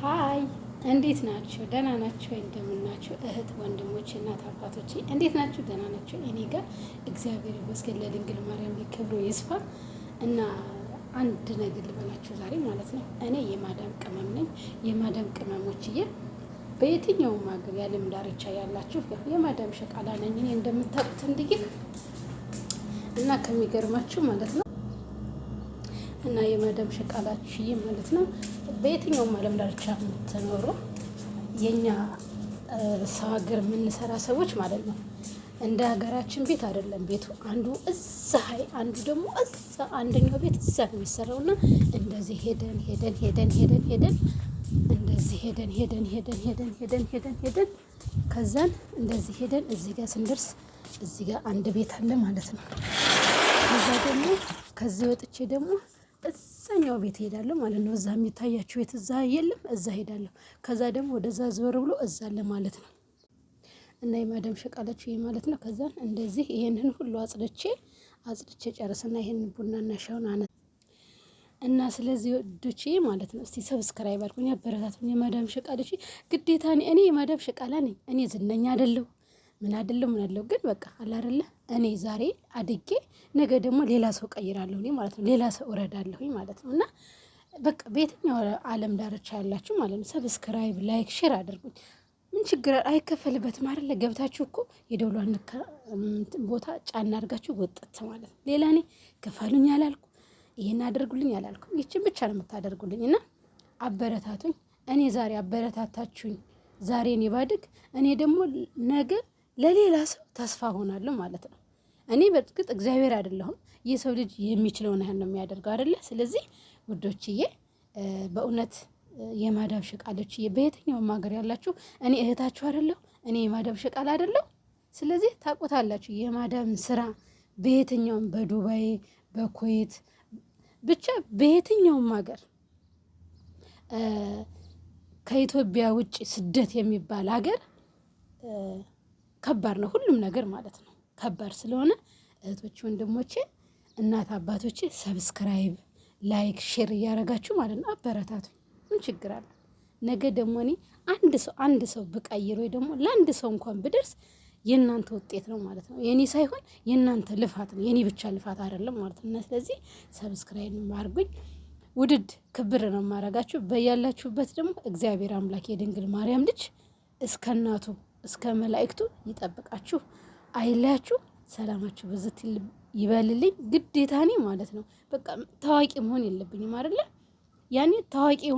ሀይ እንዴት ናችሁ? ደህና ናችሁ ወይ? እንደምን ናችሁ እህት ወንድሞች፣ እናት አባቶች እንዴት ናችሁ? ደህና ናችሁ? እኔ ጋር እግዚአብሔር ይመስገን። ለድንግል ማርያም ክብሩ ይስፋ እና አንድ ነገር ልበላችሁ ዛሬ ማለት ነው። እኔ የማዳም ቅመም ነኝ። የማዳም ቅመሞችዬ በየትኛውም ሀገር የዓለም ዳርቻ ያላችሁ የማዳም ሸቃላ ነኝ እኔ እንደምታውቁት እንድጌ እና ከሚገርማችሁ ማለት ነው እና የመደም ሸቃላችሁ ማለት ነው። በየትኛውም ዓለም ዳርቻ የምትኖሩ የእኛ ሰው ሀገር የምንሰራ ሰዎች ማለት ነው እንደ ሀገራችን ቤት አይደለም ቤቱ አንዱ እዛ ሀይ አንዱ ደግሞ እዛ አንደኛው ቤት እዛ ነው የሚሰራው እና እንደዚህ ሄደን ሄደን ሄደን ሄደን ሄደን እንደዚህ ሄደን ሄደን ሄደን ሄደን ሄደን ሄደን ሄደን ከዛን እንደዚህ ሄደን እዚህ ጋር ስንደርስ እዚህ ጋር አንድ ቤት አለ ማለት ነው። ከዛ ደግሞ ከዚህ ወጥቼ ደግሞ እዛኛው ቤት ሄዳለሁ ማለት ነው። እዛ የሚታያችሁ ቤት እዛ የለም፣ እዛ ሄዳለሁ። ከዛ ደግሞ ወደዛ ዘወር ብሎ እዛ አለ ማለት ነው። እና የማዳም ሸቃላችሁ ይሄ ማለት ነው። ከዛ እንደዚህ ይሄንን ሁሉ አጽድቼ አጽድቼ ጨርስና ይሄንን ቡናና ሻውን አነ እና ስለዚህ ወዶቼ ማለት ነው። እስቲ ሰብስክራይብ አድርጉኝ፣ አበረታቱኝ። የማዳም ሸቃለች ግዴታ እኔ የማዳም ሸቃላ ነኝ። እኔ ዝነኛ አይደለሁ ምን አይደለም ምን አለው ግን በቃ አለ አይደለ እኔ ዛሬ አድጌ ነገ ደግሞ ሌላ ሰው ቀይራለሁ ማለት ነው፣ ሌላ ሰው እረዳለሁኝ ማለት ነው። እና በቃ በየትኛው ዓለም ዳርቻ ያላችሁ ማለት ነው ሰብስክራይብ፣ ላይክ፣ ሼር አድርጉኝ። ምን ችግር አይከፈልበትም አይደለ? ገብታችሁ እኮ የደውሏን ቦታ ጫና አድርጋችሁ ወጥት ማለት ነው። ሌላ እኔ ክፈሉኝ አላልኩ፣ ይህን አድርጉልኝ አላልኩ። ይችን ብቻ ነው የምታደርጉልኝ እና አበረታቱኝ። እኔ ዛሬ አበረታታችሁኝ፣ ዛሬ እኔ እኔ ደግሞ ነገ ለሌላ ሰው ተስፋ ሆናለሁ ማለት ነው። እኔ በእርግጥ እግዚአብሔር አይደለሁም። የሰው ልጅ የሚችለውን ያህል ነው የሚያደርገው አይደለ? ስለዚህ ውዶችዬ በእውነት የማዳብ ሸቃሎች በየትኛውም ሀገር ያላችሁ እኔ እህታችሁ አይደለሁ? እኔ የማዳብ ሸቃል አይደለሁ? ስለዚህ ታውቁታላችሁ የማዳብን ስራ በየትኛውም በዱባይ በኩዌት ብቻ በየትኛውም ሀገር ከኢትዮጵያ ውጭ ስደት የሚባል ሀገር ከባድ ነው ሁሉም ነገር ማለት ነው። ከባድ ስለሆነ እህቶች፣ ወንድሞቼ፣ እናት አባቶቼ ሰብስክራይብ፣ ላይክ፣ ሼር እያደረጋችሁ ማለት ነው አበረታቱ። ምን ችግር አለ? ነገ ደግሞ እኔ አንድ ሰው አንድ ሰው ብቀይር ወይ ደግሞ ለአንድ ሰው እንኳን ብደርስ የእናንተ ውጤት ነው ማለት ነው። የኔ ሳይሆን የእናንተ ልፋት ነው። የኔ ብቻ ልፋት አይደለም ማለት ነው። ስለዚህ ሰብስክራይብ አድርጉኝ። ውድድ ክብር ነው ማረጋችሁ በያላችሁበት ደግሞ እግዚአብሔር አምላክ የድንግል ማርያም ልጅ እስከ እናቱ እስከ መላእክቱ ይጠብቃችሁ፣ አይለያችሁ። ሰላማችሁ ብዝት ይበልልኝ። ግዴታ እኔ ማለት ነው በቃ ታዋቂ መሆን የለብኝም አይደለ ያኔ ታዋቂ